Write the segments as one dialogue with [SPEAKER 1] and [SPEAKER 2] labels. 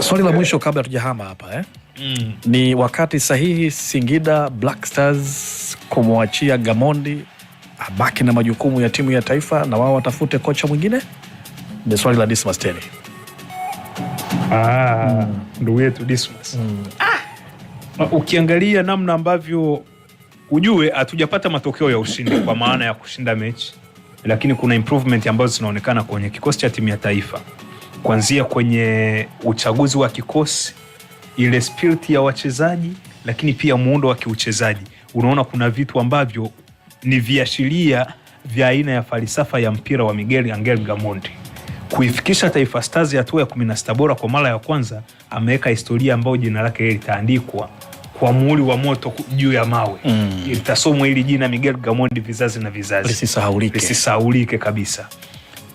[SPEAKER 1] Swali la mwisho kabla tujahama hapa eh? Mm. Ni wakati sahihi Singida Black Stars kumwachia Gamondi abaki na majukumu ya timu ya taifa na wao watafute kocha mwingine? Ni swali la Dismas Teni.
[SPEAKER 2] Ah, mm. ndugu yetu Dismas. Mm. Ah, ukiangalia namna ambavyo ujue hatujapata matokeo ya ushindi kwa maana ya kushinda mechi, lakini kuna improvement ambazo zinaonekana kwenye kikosi cha timu ya taifa kuanzia kwenye uchaguzi wa kikosi, ile spirit ya wachezaji, lakini pia muundo wa kiuchezaji. Unaona kuna vitu ambavyo ni viashiria vya aina ya falsafa ya mpira wa Miguel Angel Gamondi. Kuifikisha Taifa Stars hatua ya 16 bora kwa mara ya kwanza, ameweka historia ambayo jina lake litaandikwa kwa muhuri wa moto juu ya mawe mm. Itasomwa hili jina Miguel Gamondi vizazi na vizazi,
[SPEAKER 1] lisisahaulike,
[SPEAKER 2] lisisahaulike kabisa.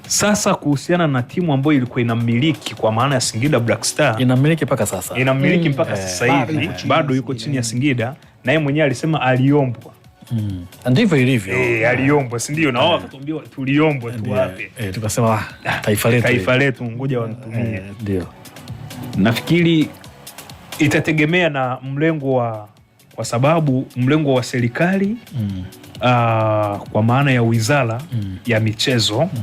[SPEAKER 2] Sasa kuhusiana na timu ambayo ilikuwa inamiliki kwa maana ya Singida Black Star,
[SPEAKER 1] inamiliki mpaka sasa,
[SPEAKER 2] inamiliki mpaka hmm. sasa hivi eh, bado yuko chini ya Singida, naye mwenyewe alisema aliombwa
[SPEAKER 1] Mm. Ndivyo ilivyo.
[SPEAKER 2] Eh, aliombwa si ndio? Na wao eh. wakatuambia tuliombwa tu wape.
[SPEAKER 1] Eh, tukasema ah, taifa letu.
[SPEAKER 2] Taifa letu ngoja wanitumie. Eh, ndio. Nafikiri itategemea na mlengo wa kwa sababu mlengo wa serikali mm. uh, kwa maana ya wizara mm. ya michezo mm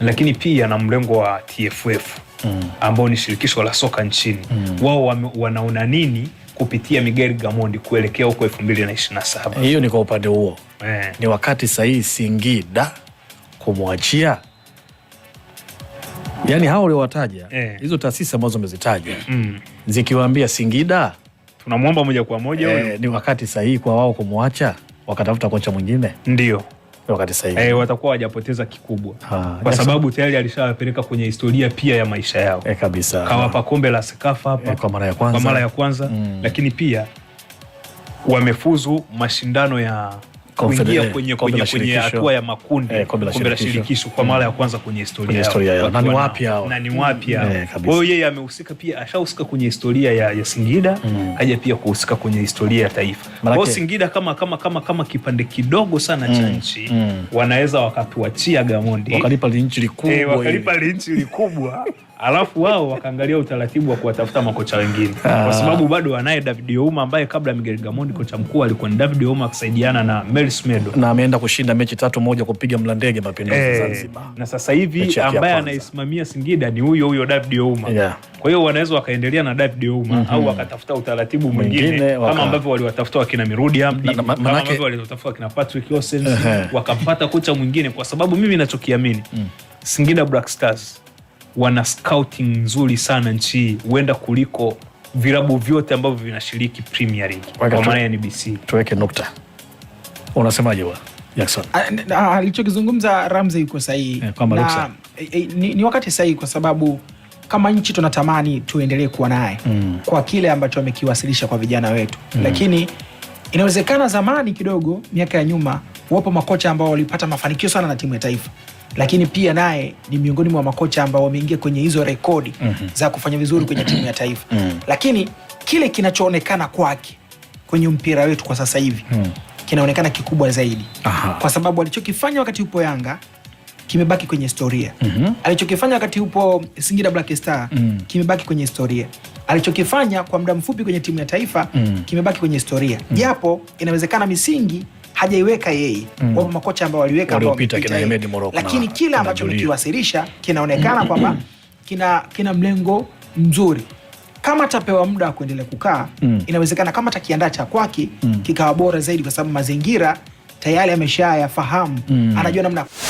[SPEAKER 2] lakini pia na mlengo wa TFF mm. ambao ni shirikisho la soka nchini mm. wao wanaona nini kupitia Miguel Gamondi kuelekea huko 2027.
[SPEAKER 1] Hiyo ni kwa upande huo eh. Ni wakati sahihi Singida kumwachia yaani hao uliowataja eh. hizo eh. taasisi ambazo umezitaja mm. zikiwaambia Singida
[SPEAKER 2] tunamwomba moja kwa moja eh,
[SPEAKER 1] ni wakati sahihi kwa wao kumwacha wakatafuta kocha mwingine ndio wakati sasa hivi
[SPEAKER 2] e, watakuwa wajapoteza kikubwa ha, kwa sababu tayari alishawapeleka kwenye historia pia ya maisha yao e, kabisa kawapa kombe la Sekafa hapa
[SPEAKER 1] e, kwa mara ya kwanza,
[SPEAKER 2] kwa mara ya kwanza. Mm. Lakini pia wamefuzu mashindano ya kuingia kwenye kwenye hatua ya makundi
[SPEAKER 1] eh, kombe la shirikisho
[SPEAKER 2] kwa mara ya kwanza kwenye historia
[SPEAKER 1] yao, na ni wapya hao,
[SPEAKER 2] na ni hao. Eh, yeye amehusika pia, ashahusika kwenye historia ya, ya Singida mm. haja pia kuhusika kwenye historia ya taifa. Kwa Singida kama kama kama kama kipande kidogo sana cha mm, nchi mm. wanaweza wakatuachia Gamondi
[SPEAKER 1] wakalipa linchi likubwa, eh,
[SPEAKER 2] wakalipa linchi alafu wao wakaangalia utaratibu wa kuwatafuta makocha wengine, kwa sababu bado wanaye David Ouma ambaye kabla ya Miguel Gamondi kocha mkuu alikuwa ni David Ouma akisaidiana na Melis Medo,
[SPEAKER 1] na ameenda kushinda mechi tatu moja kupiga Mlandege Mapinduzi
[SPEAKER 2] hey, eh, Zanzibar, na sasa hivi ambaye anaisimamia Singida ni huyo huyo David Ouma yeah. Kwa hiyo wanaweza wakaendelea na David Ouma mm -hmm. au wakatafuta utaratibu mwingine waka. kama ambavyo waliwatafuta wakina Mirudi Hamdi na, na, manake... ambavyo waliwatafuta wakina Patrick Olsen uh -huh. wakampata kocha mwingine, kwa sababu mimi nachokiamini mm. Singida Black Stars wana scouting nzuri sana nchi hii, huenda kuliko vilabu vyote ambavyo vinashiriki Premier League kwa maana ya NBC.
[SPEAKER 1] Tuweke nukta, unasemaje wa Jackson?
[SPEAKER 3] Ah, ah, alichokizungumza Ramsey yuko sahihi, eh, eh, eh, ni wakati sahihi kwa sababu kama nchi tunatamani tuendelee kuwa naye mm. kwa kile ambacho amekiwasilisha kwa vijana wetu mm. Lakini inawezekana zamani kidogo, miaka ya nyuma, wapo makocha ambao walipata mafanikio sana na timu ya taifa lakini pia naye ni miongoni mwa makocha ambao wameingia kwenye hizo rekodi mm -hmm. za kufanya vizuri kwenye timu ya taifa mm -hmm. lakini kile kinachoonekana kwake kwenye mpira wetu kwa sasa hivi mm -hmm. kinaonekana kikubwa zaidi Aha. kwa sababu alichokifanya wakati upo Yanga kimebaki kwenye historia mm -hmm. alichokifanya wakati upo Singida Black Star mm -hmm. kimebaki kwenye historia alichokifanya kwa muda mfupi kwenye timu ya taifa mm -hmm. kimebaki kwenye historia mhm. japo mm -hmm. inawezekana misingi hajaiweka yeye mm. Wapo makocha ambao waliweka
[SPEAKER 1] ambao wamepita, kina Hemedi Moroko,
[SPEAKER 3] lakini kile ambacho mkiwasilisha kinaonekana kwamba mm. kina kina mlengo mzuri kama tapewa muda wa kuendelea kukaa mm. Inawezekana kama takiandaa cha kwake mm. kikawa bora zaidi, kwa sababu mazingira tayari ameshayafahamu mm. anajua namna